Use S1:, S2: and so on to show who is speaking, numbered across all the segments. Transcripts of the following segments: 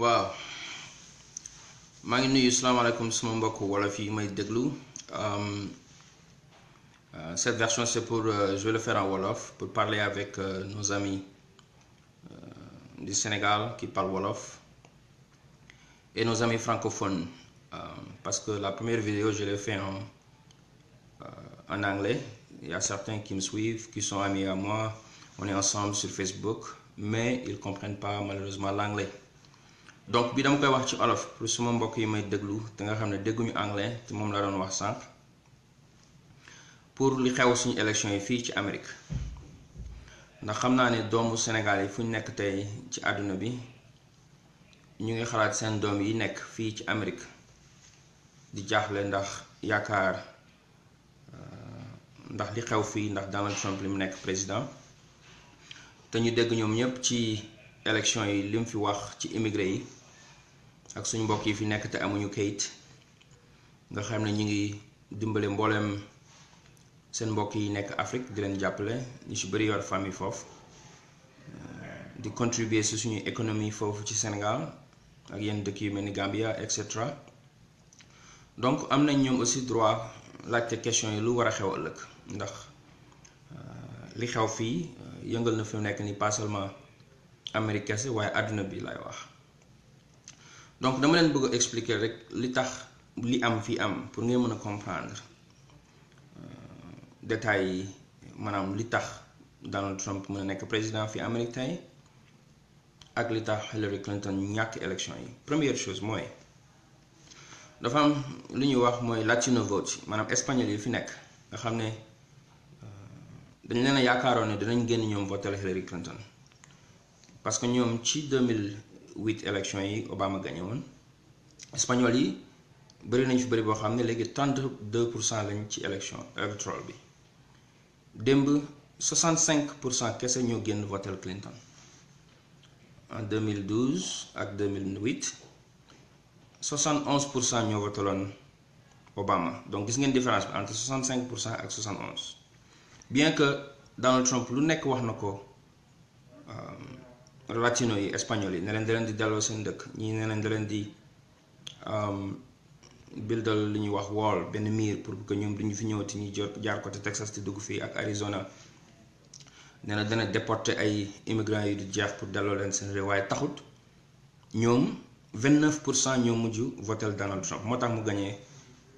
S1: waaw maa ngi nuyu salaamaaleykum suma mbokk wolof yi may déglu um, uh, cette version c'est pour euh, je vais le faire en wolof pour parler avec euh, nos amis euh, du Sénégal qui parlent wolof et nos amis francophones um, parce que la première vidéo je l'ai fait en anglais il y a certains qui me suivent qui sont amis à moi on est ensemble sur Facebook mais ils comprennent pas malheureusement l'anglais donc bi dama koy wax ci olof pour suma mbokk yi may déglu te nga xam ne dégguñu anglais te moom la doon wax sànq pour li xew suñu élection yi fii ci Amérique ndax xam naa ne doomu Sénégal yi fu ñu nekk tey ci àdduna bi ñu ngi xalaat seen doom yi nekk fii ci Amérique di jaaxle ndax yaakaar euh, ndax li xew fii ndax Donald Trump li mu nekk président te ñu dégg ñoom ñëpp ci élection yi li mu fi wax ci immigré yi ak suñ mbokk yi fi nekk te amuñu kayit nga xam ne ñu ngi dimbale mbooleem seen mbokk yi nekk Afrique di leen jàppale ñu ci bëri yor famille foofu euh, di contribuer ci suñu économie foofu ci Sénégal ak yenn dëkk yu mel ni Gambia et cetera donc am nañ ñoom aussi droit laajte question yi lu war a xew ëllëg ndax euh, li xew fii euh, yëngal na fi nekk ni pas seulement kese waaye àdduna bi lay wax. donc dama leen bëgg expliquer rek li tax li am fii am pour ngeen mën a comprendre euh, détails yi maanaam li tax Donald Trump mën a nekk président fii Amérique ak li tax Hillary Clinton ñàkk élection yi première chose mooy dafa am lu ñuy wax mooy latino vote maanaam espagnol yi fi nekk nga xam ne euh, dañu leen a yaakaaroon ne dinañ génn ñoom votel Hillary Clinton parce que ñoom ci 2000 huit élection yi Obama gagné woon espagnol yi bëri nañ fi bëri boo xam ne léegi 32 pour cent lañ ci élection électoral bi démb cinq pour cent kese ñoo génn votel Clinton en 2012 ak 2008 71 pour cent ñoo votaloon Obama donc gis ngeen différence bi entre cinq pour cent ak 71 bien que Donald Trump lu nekk wax na ko. Euh, latino yi espagnol yi ne leen leen di delloo seen dëkk ñii ne leen leen di bildal lu ñuy wax wall benn miir pour que ñoom duñu fi ñëwati ñuy jot jaar côté Texas te dugg fii ak Arizona nee na dana déporter ay immigrants yu du jeex pour delloo leen seen réew waaye taxut ñoom 29 pour cent ñoo mujj votel Donald Trump moo tax mu gagné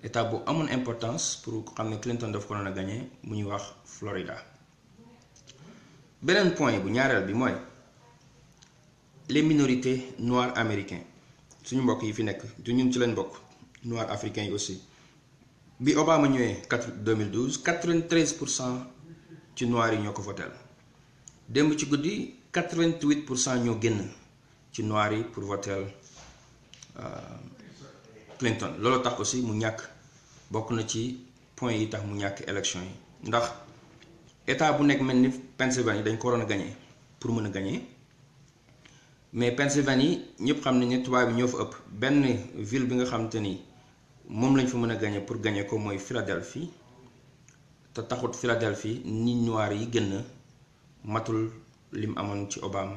S1: état bu amoon importance pour xam ne Clinton daf ko doon a gagné mu ñuy wax Florida beneen point bu ñaareel bi mooy. les minorités noirs américains suñu mbokk yi fi nekk du ñun ci lañ bokk noirs africain yi aussi bi Obama ñëwee 2012 93 pour cent ci noirs yi ñoo ko votel démb ci guddi 88 pour cent ñoo génn ci noir yi pour votel euh, Clinton loolu tax aussi mu ñàkk bokk na ci point yi tax mu ñàkk élection yi ndax état bu nekk mel ni Pennsylvanie dañ ko waroon a gagné pour mën a gagné. mais Pennsylvanie ñëpp xam nañ ne tubaab ñoo fa ëpp benn ville bi nga xam te ni moom lañ fa mën a gagné pour gañee ko mooy Philadelphie te taxut Philadelphie ni noir yi gën a matul lim amoon ci Obama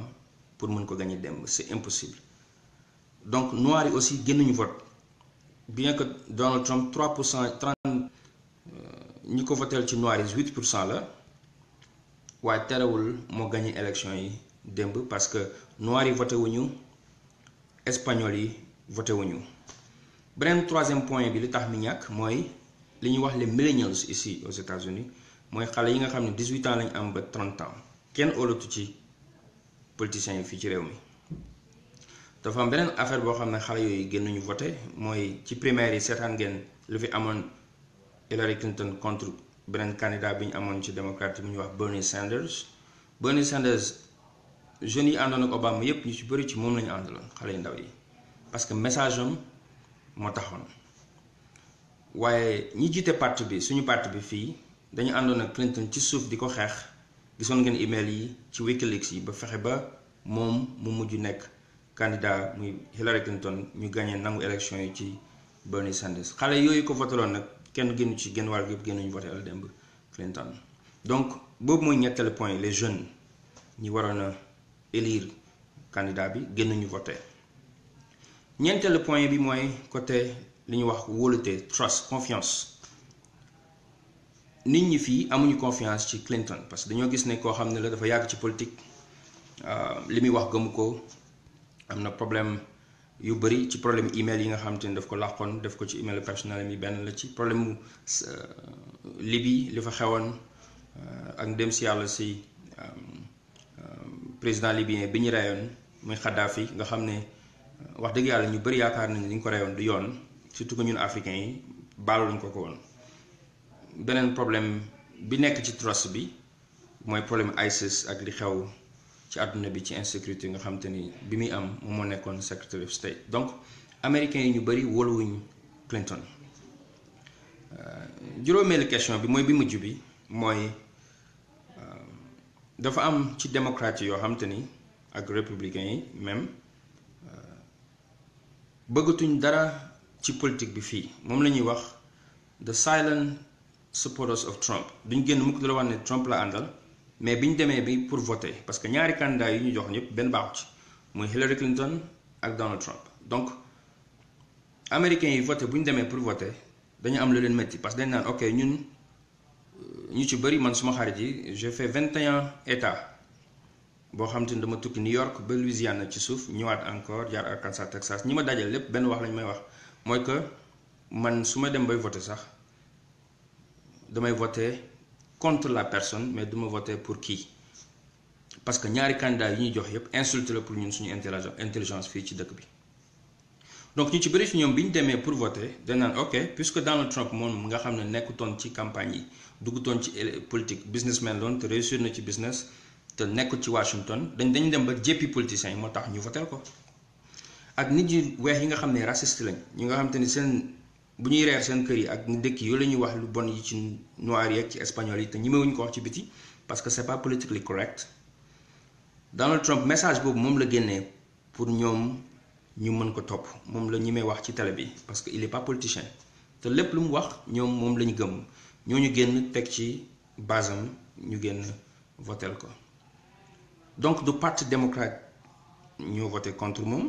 S1: pour mën ko gagné dem c'est impossible donc noir yi aussi génnuñu vote bien que Donald Trump 3 pour cent 30 euh, ñi ko voteel ci noir yi 8 pour cent la waaye terewul moo gagné élection yi. démb parce que noirs yi voté wuñu espagnol yi voté wuñu beneen troisième point bi li tax mi ñàkk mooy li ñuy wax les millennials ici aux États-Unis mooy xale yi nga xam ne 18 ans lañ am ba 30 ans kenn óolatu ci politiciens yi fii ci réew mi dafa am beneen affaire boo xam ne xale yooyu nañu voté mooy ci primaire yi seetaan ngeen lu fi amoon Hillary Clinton contre beneen candidat bi ñu amoon ci démocrate bi ñu wax Bernie Sanders Bernie Sanders jeunes yi àndoon ak Obama yépp ñu ci bëri ci moom lañu àndaloon xale yu ndaw yi parce que message am moo taxoon waaye ñi jiite parti bi suñu parti bi fii dañu àndoon ak Clinton ci suuf di ko xeex gisoon ngeen mail yi ci Wikileaks yi ba fexe ba moom mu mujj nekk candidat muy Hillary Clinton ñu gagné nangu élection yi ci Bernie Sanders xale yooyu ko votaloon nag kenn gënu ci genn wàll yëpp génnuñu voté al démb Clinton donc boobu mooy ñetteelu point les jeunes ñi waroon a élire candidat bi génn ñu voté ñeenteelu point bi mooy côté li ñu wax wóolute trust confiance nit ñi fii amuñu confiance ci Clinton parce que dañoo gis ne koo xam ne la dafa yàgg ci politique euh, li muy wax gëmu ko am na problème yu bëri ci problème email yi nga xam te ne daf ko làqoon daf ko ci email personnel mi benn la ci problème mu euh, Libye li fa xewoon euh, ak dem si yàlla si président libyen bi ñu reyoon muy Kadhafi nga xam ne wax dëgg yàlla ñu bëri yaakaar nañ ni ñu ko reyoon du yoon surtout que ñun africains yi baaluñ ko ko woon. beneen problème bi nekk ci trust bi mooy problème ISIS ak li xew ci àdduna bi ci insécurité nga xam ni bi muy am moom moo nekkoon secretary of state donc américains yi ñu bëri wóoluwuñ Clinton euh, juróomeelu question bi mooy bi mujj bi mooy. dafa am ci démocrate yoo xam te ni ak républicain yi même euh, bëggatuñ dara ci politique bi fii moom la ñuy wax the silent supporters of Trump duñ génn mukk du la wax ne Trump la àndal mais bi ñu demee bi pour voter parce que ñaari candidat yi ñu jox ñëpp benn baaxu ci muy Hillary Clinton ak Donald Trump donc américains yi voté bu ñu demee pour voter dañu am lu leen métti parce que dañ naan ok ñun. ñu ci bëri man suma xarit yi j'ai fait vingt et un états boo xam te ni dama tukki New York ba Louisiana ci suuf ñëwaat encore jaar Arkansas Texas ñi ma dajal lépp benn wax lañu may wax mooy que man suma dem bay voter sax damay voter contre la personne mais duma voter pour kii parce que ñaari candidat yi ñuy jox yépp insulte la pour ñun suñu intelligence fii ci dëkk bi donc ñu ci bëri si ñoom bi ñu demee pour voter dañ naan ok puisque Donald Trump moom nga xam ne nekkutoon ci campagne yi duggutoon ci politique businessman loon te réussir na ci business te nekkul ci Washington dañ dañ dem ba jéppi politiciens yi moo tax ñu voter ko ak nit yu weex yi nga xam ne raciste lañ ñi nga xam te ni seen bu ñuy reer seen kër yi ak dëkk yooyu la ñuy wax lu bon yi ci noir yi ci espagnol yi te ñemewuñ ko wax ci biti parce que c'est pas politically correct Donald Trump message boobu moom la génnee pour ñoom. ñu mën ko topp moom la may wax ci tale bi parce que il est pas politicien te lépp lu mu wax ñoom moom la ñu ñoo ñu génn teg ci basam ñu génn votel ko donc du parti démocrate ñoo voté contre moom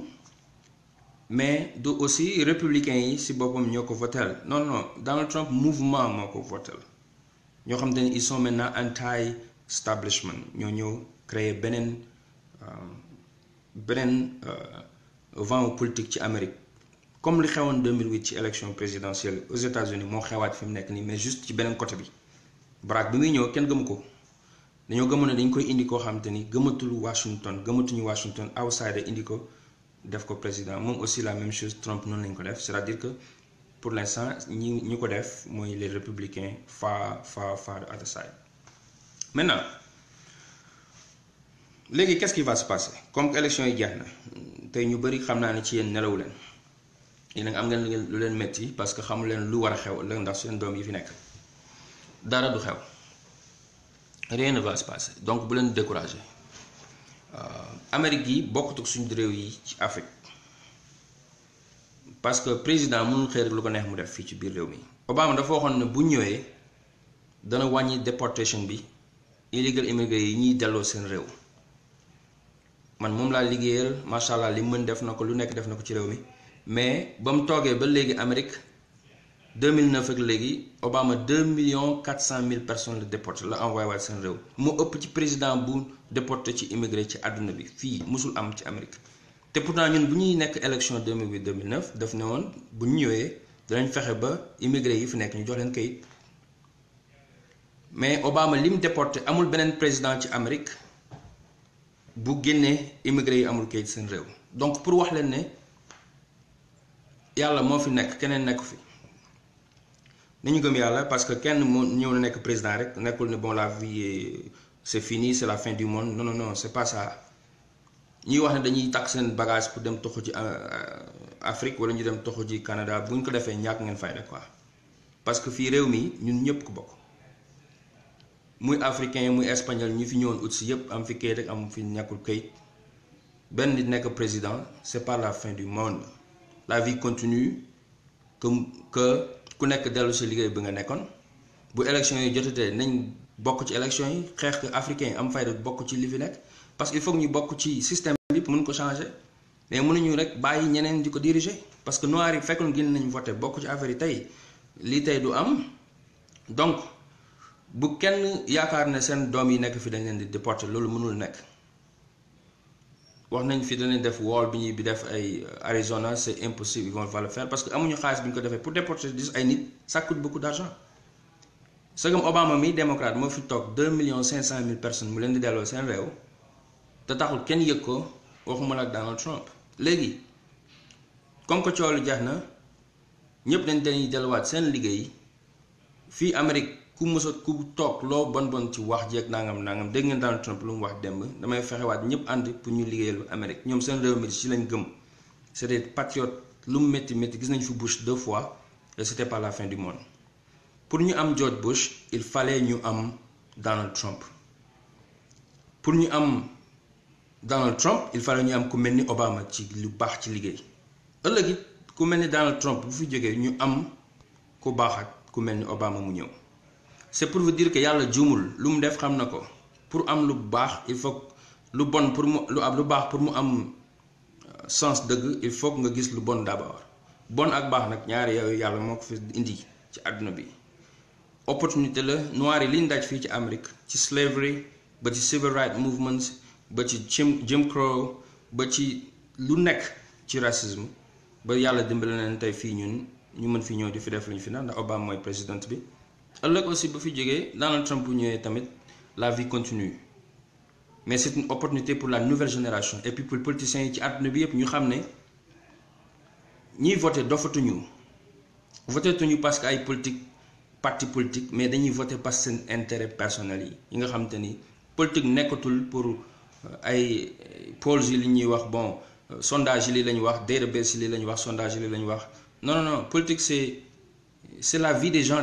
S1: mais du aussi républicain yi ci boppam ñoo ko votel non non Donald Trump mouvement moo ko votel ñoo xam ne ils sont maintenant anti establishment ñoo ñëw créer beneen euh, beneen euh, vent wu politique ci Amérique comme li xewoon 2008 ci élection présidentielle aux États-Unis moo xewaat fi mu nekk nii mais juste ci beneen côté bi Barack bi muy ñëw kenn gëmu ko dañoo gëmoon ne dañ koy indi koo xam te ni gëmatul Washington gëmatuñu Washington outsider indi ko def ko président moom aussi la même chose Trump noonu lañ ko def c'est-à-dire que pour l'instant ñi ñu ko def mooy les républicains fa fa far the other side maintenant. léegi qu'est-ce qui va se passer comme que élection yi jeex na tey ñu bëri xam naa ne ci yéen nelaw leen yéen am ngeen lu leen metti parce que xamu leen lu war a xew la ndax seen doom yi fi nekk dara du xew rien ne va se passer donc bu leen décourager euh, Amérique yi bokkut ak suñu réew yi ci Afrique parce que président mënul xëy rek lu ko neex mu def fii ci biir réew mi. Obama dafa waxoon ne bu ñëwee dana wàññi déportation bi illegal immigré yi ñuy delloo seen réew. man moom laa liggéeyal macha allah li mën def na ko lu nekk def na ko ci réew mi mais ba mu toogee ba léegi Amérique 2009 ak léegi Obama million millions 400 mille personnes la déporté la envoyé waat seen réew moo ëpp ci président bu déporté ci immigré ci àdduna bi fii musul am ci Amérique te pourtant ñun bu ñuy nekk élection 2008 2009 daf ne woon bu ñu ñëwee danañ fexe ba immigré yi fi nekk ñu jox leen kayit mais Obama li mu déporté amul beneen président ci Amérique. bu génnee immigré yi amul kayit seen réew donc pour wax leen ne yàlla moo fi nekk keneen nekk fi ni ñu gëm yàlla parce que kenn moo ñëw nekk président rek nekkul ne bon la vie c'est fini c'est la fin du monde non non non c'est pas ça ñuy wax ne dañuy takk seen bagage pour dem toxu ci euh, Afrique wala ñu dem toxu ci Canada bu ñu ko defee ñàkk ngeen fay quoi parce que fi réew mi ñun ñëpp ko bokk. muy africain muy espagnol ñi fi ñëwoon ut si yëpp am fi kayit ak am fi ñàkkul kayit benn nit nekk président c'est pas la fin du monde la vie continue que que ku nekk dellu si liggéey bi nga nekkoon bu élection yi jotatee nañ bokk ci élection yi xeex que africain am fayda bokk ci li fi nekk parce que il faut ñu bokk ci système bi mën ko changé mais mun mënuñu rek bàyyi ñeneen di ko diriger parce que noirs yi fekkoon génn nañu voté bokk ci affaire yi tey lii tey du am donc. bu kenn yaakaar ne seen doom yi nekk fi dañ leen di déporté loolu mënul nekk wax nañ fi danañ def wool bi ñuy bi def ay euh, Arizona c' est impossible ils vont pas le faire parce que amuñu xaalis bi ñu ko defee pour déporter dis ay nit ça coûte beaucoup d' argent sëgam Obama mi démocrate moo fi toog million cinq 500 mille personnes mu leen di delloo seen réew te taxul kenn yëg ko waxuma la ak Donald Trump léegi comme que coow lu jeex na ñëpp dañ dañuy delluwaat seen liggéey fii Amérique. ku mës ku toog loo bon bon ci wax jeeg nangam nangam dégg ngeen Donald Trump lu mu wax demb damay fexewaat ñëpp ànd pour ñu liggéeyal Amérique ñoom seen réew mi ci lañ gëm c'est des patriotes lu mu métti métti gis nañ fi Bush deux fois et fin du monde pour ñu am George Bush il fallait ñu am Donald Trump pour ñu am Donald Trump il fallait ñu am ku mel ni Obama ci lu baax ci liggéey ëllëg ku mel ni Donald Trump bu fi jógee ñu am ku baax ku mel ni Obama mu ñëw. c'est pour vous dire que yàlla jumul lu mu def xam na ko pour am lu baax il faut lu bon pour mu lu am lu baax pour mu am euh, sens dëgg il faut nga gis lu bon d'abord bon ak baax nag ñaari yooyu yàlla moo ko fi indi ci àdduna bi opportunité la noir yi liñ daj fii ci Amérique ci slavery ba ci civil rights movements ba ci Jim Jim Crow ba ci lu nekk ci racisme ba yàlla dimbali leen tey fii ñun ñu mën fi ñëw di fi def lu ñu fi naan ndax Obama mooy président bi. ëllëg aussi bu fi jógee Donald Trump bu ñëwee tamit la vie continue mais c'est une opportunité pour la nouvelle génération et puis pour politiciens yi ci àdduna bi yëpp ñu xam ne ñuy voté dofatuñu votetuñu parce que ay politique parti politique mais dañuy voté parce que seen intérêt personnel yi yi nga xam ni politique nekkatul pour euh, ay polls yi li ñuy wax bon euh, sondage yi li lañu wax database yi li lañu wax sondage yi li lañu wax non non non politique c'est c'est la vie des gens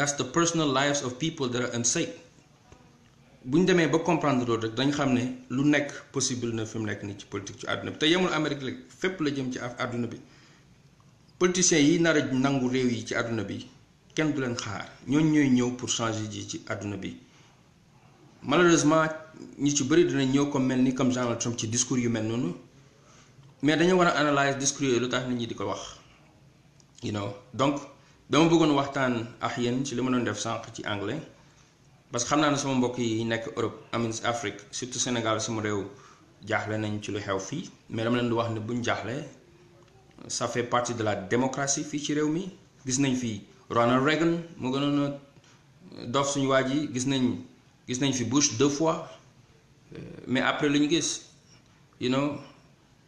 S1: that's the personal lives of people that are unsafe bu ñu demee ba comprendre loolu rek dañ xam ne lu nekk possible na fi mu nekk nii ci politique ci àdduna bi te yemul Amérique rek fépp la jëm ci àdduna bi politiciens yi nar a nangu réew yi ci àdduna bi kenn du leen xaar ñooñ ñooy ñëw pour changer ji ci àdduna bi malheureusement ñi ci bëri dina ñëw comme mel ni comme Donald Trump ci discours yu mel noonu mais dañoo war a analyse discours yooyu lu tax nit ñi di ko wax you dama bëggoon waxtaan ak yéen ci li ma doon def sànq ci anglais parce que xam naa ne sama mbokk yi nekk Europe amin Afrique surtout Sénégal sama réew jaaxle nañu ci lu xew fii mais dama leen di wax ne buñ jaaxle ça fait partie de la démocratie fii ci réew mi gis nañ fi Ronald Reagan mu gënoon a dof suñu waa ji gis nañ gis nañ fi Bush deux fois euh, mais après lu ñu gis you know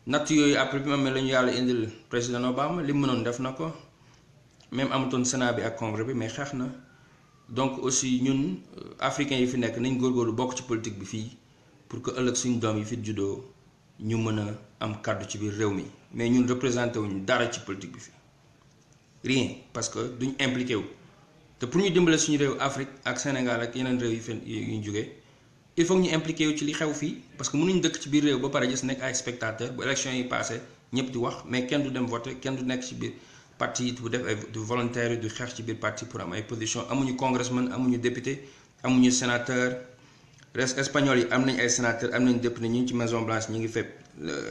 S1: natt yooyu après bi ma amee la ñu yàlla indil président Obama li mu mënoon def na ko. même amutoon Sénat bi ak congrès bi mais xeex na donc aussi ñun euh, africains yi fi nekk nañ lu bokk ci politique bi fii pour que ëllëg suñu doom yi fi juddoo ñu mën a am kàddu ci biir réew mi mais ñun représenté wuñu dara ci politique bi fii rien parce que duñ impliqué wu te pour ñu dimbale suñu réew Afrique ak Sénégal ak yeneen réew yi fen yu ñu jógee il faut ñu impliqué wu ci li xew fii parce que mënuñ dëkk ci biir réew ba pare gis nekk ay spectateur bu élection yi passé ñëpp di wax mais kenn du dem voter kenn du nekk ci biir parti it bu def ay du volontaire du xeex ci biir parti pour am ay position amuñu congressman amuñu député amuñu sénateur res espagnol yi am nañ ay sénateur am nañ député ñu ci maison blanche ñu ngi fepp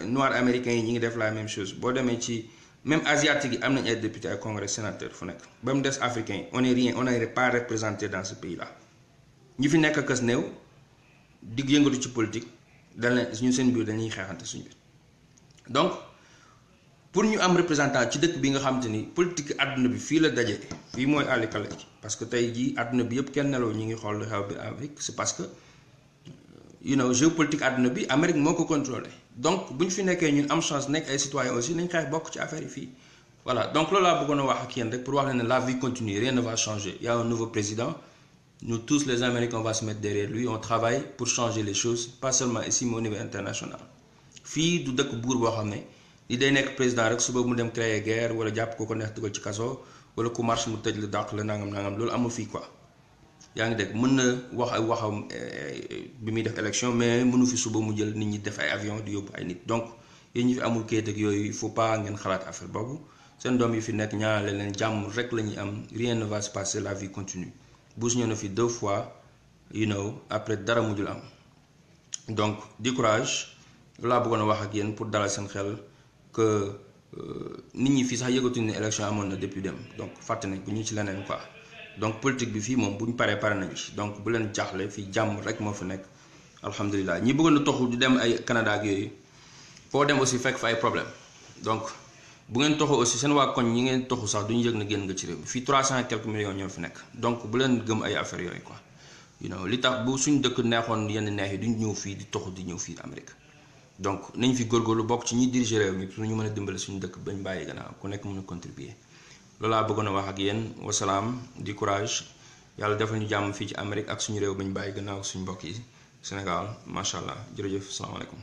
S1: noir américain yi ñu ngi def la même chose boo demee ci même asiatique yi am nañ ay député ay congrès sénateur fu nekk ba mu des africain yi on est rien on n'est pas représenté dans ce pays là ñi fi nekk kës néew di yëngatu ci politique dañ suñu seen biir dañuy xeexante suñu pour ñu am représentant ci dëkk bi nga xamante ni politique àdduna bi fii la daje fii mooy àllikale parce que tey jii àdduna bi yëpp kenn nelaw ñu ngi xool lu xew bi avec c'est parce que you know géopolitique àdduna bi Amérique moo ko contrôlé donc bu ñu fi nekkee ñun am chance nekk ay citoyens aussi nañ xeex bokk ci affaire yi fii voilà donc loolu laa bëggoon a wax ak yéen rek pour wax leen ne la vie continue rien ne va changer il nouveau président nous tous les Américains on va on travaille pour changer les choses pas seulement ici mais au niveau fii du dëkk buur boo xam ne li day nekk président rek suba mu dem créer guerre wala jàpp ko ko neex dugal ci kaso wala ku marche mu tëj la dàq la nangam nangam loolu amul fii quoi yaa ngi dégg mën na wax ak waxam eh, eh, bi muy def élection mais mënu fi suba mu jël nit ñi def ay avion di yóbbu ay nit donc yéen ñi fi amul kayit yooyu il faut pas ngeen xalaat affaire boobu seen doom yi fi nekk ñaanale leen jàmm rek la am rien ne va se passer la vie continue Bush ñëw na fi deux fois yu know après dara mujjul am donc laa bëggoon a wax ak yéen pour dalal seen xel. que euh, nit ñi fii sax yëgatuñ ne élection amoon na depuis dem donc fàtte nañ bu ñu ci leneen quoi donc politique bi fii moom bu ñu paree pare nañ ci donc bu leen jaaxle fii jàmm rek moo fi nekk alhamdulilah ñi bëggoon a toxu di dem ay Canada ak yooyu foo dem aussi fekk fa ay problème donc bu ngeen toxu aussi seen waa koñ ñi ngeen toxu sax duñu yëg na génn nga ci réew fii 300 cent quelques millions ñoo fi nekk donc bu leen gëm ay affaires yooyu quoi you li tax bu suñ dëkk neexoon yenn neex yi duñ ñëw fii di toxu di ñëw fii Amérique donc nañ fi góorgóorlu bokk ci ñi diriger réew mi pour ñu mën a dimbale suñu dëkk bañ bàyyi gannaaw ku nekk mën a contribuer loolu laa bëggoon a wax ak yenn wasalaam di courage yàlla defal ñu jàmm fii ci Amérique ak suñu réew ñu bàyyi gannaaw suñu mbokk yi Sénégal macha allah jërëjëf salaamaaleykum.